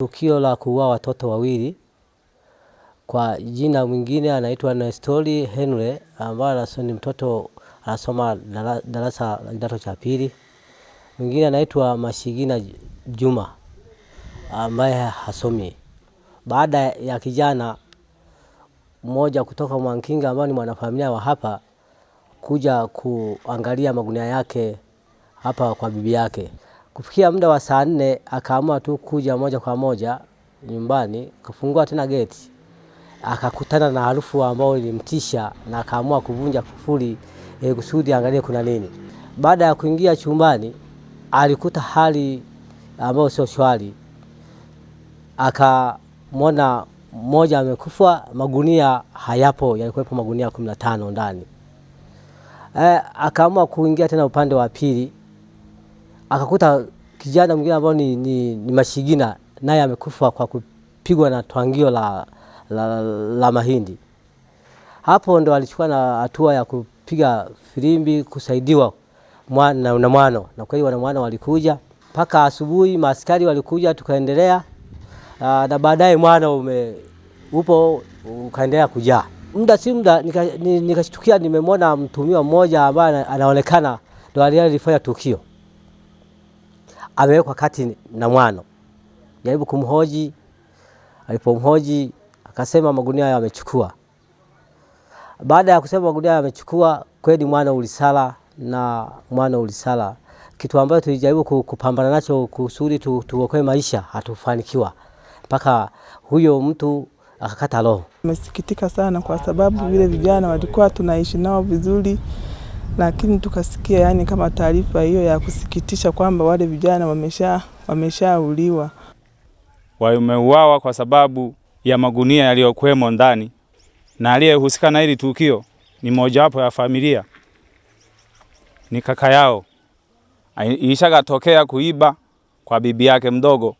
Tukio la kuua watoto wawili kwa jina mwingine anaitwa Nestori Henry ambaye ni mtoto anasoma darasa la kidato cha pili. Mwingine anaitwa Mashigina Juma ambaye hasomi. Baada ya kijana mmoja kutoka Mwankinga ambaye ni mwanafamilia wa hapa kuja kuangalia magunia yake hapa kwa bibi yake. Kufikia muda wa saa nne akaamua tu kuja moja kwa moja nyumbani, kafungua tena geti, akakutana na harufu ambayo ilimtisha na akaamua kuvunja kufuli e, kusudi angalie kuna nini. Baada ya kuingia chumbani, alikuta hali ambayo sio shwari, akamwona mmoja amekufa, magunia hayapo, yalikuwepo magunia kumi na tano ndani. E, akaamua kuingia tena upande wa pili akakuta kijana mwingine ambao ni, ni, ni Mashigina naye amekufa kwa kupigwa na twangio la, la, la mahindi. Hapo ndo alichukua na hatua ya kupiga filimbi kusaidiwa mwana, na mwano na kweli wanamwano walikuja mpaka asubuhi, maaskari walikuja tukaendelea ah, na baadaye mwana ume, upo ukaendelea kujaa. Muda si muda nikashtukia nika nimemwona mtumiwa mmoja ambaye anaonekana ndo alilifanya tukio amewekwa kati na mwano. Jaribu kumhoji, alipomhoji akasema magunia hayo amechukua. Baada ya kusema magunia hayo amechukua, kweli mwana ulisala na mwana ulisala, kitu ambacho tulijaribu kupambana nacho kusudi tu, tuokoe maisha, hatufanikiwa mpaka huyo mtu akakata roho. Nimesikitika sana kwa sababu vile vijana walikuwa tunaishi nao vizuri lakini tukasikia yani kama taarifa hiyo ya kusikitisha kwamba wale vijana wamesha wameshauliwa, wameuawa kwa sababu ya magunia yaliyokuwemo ndani, na aliyehusika na hili tukio ni mojawapo ya familia, ni kaka yao, ishakatokea kuiba kwa bibi yake mdogo.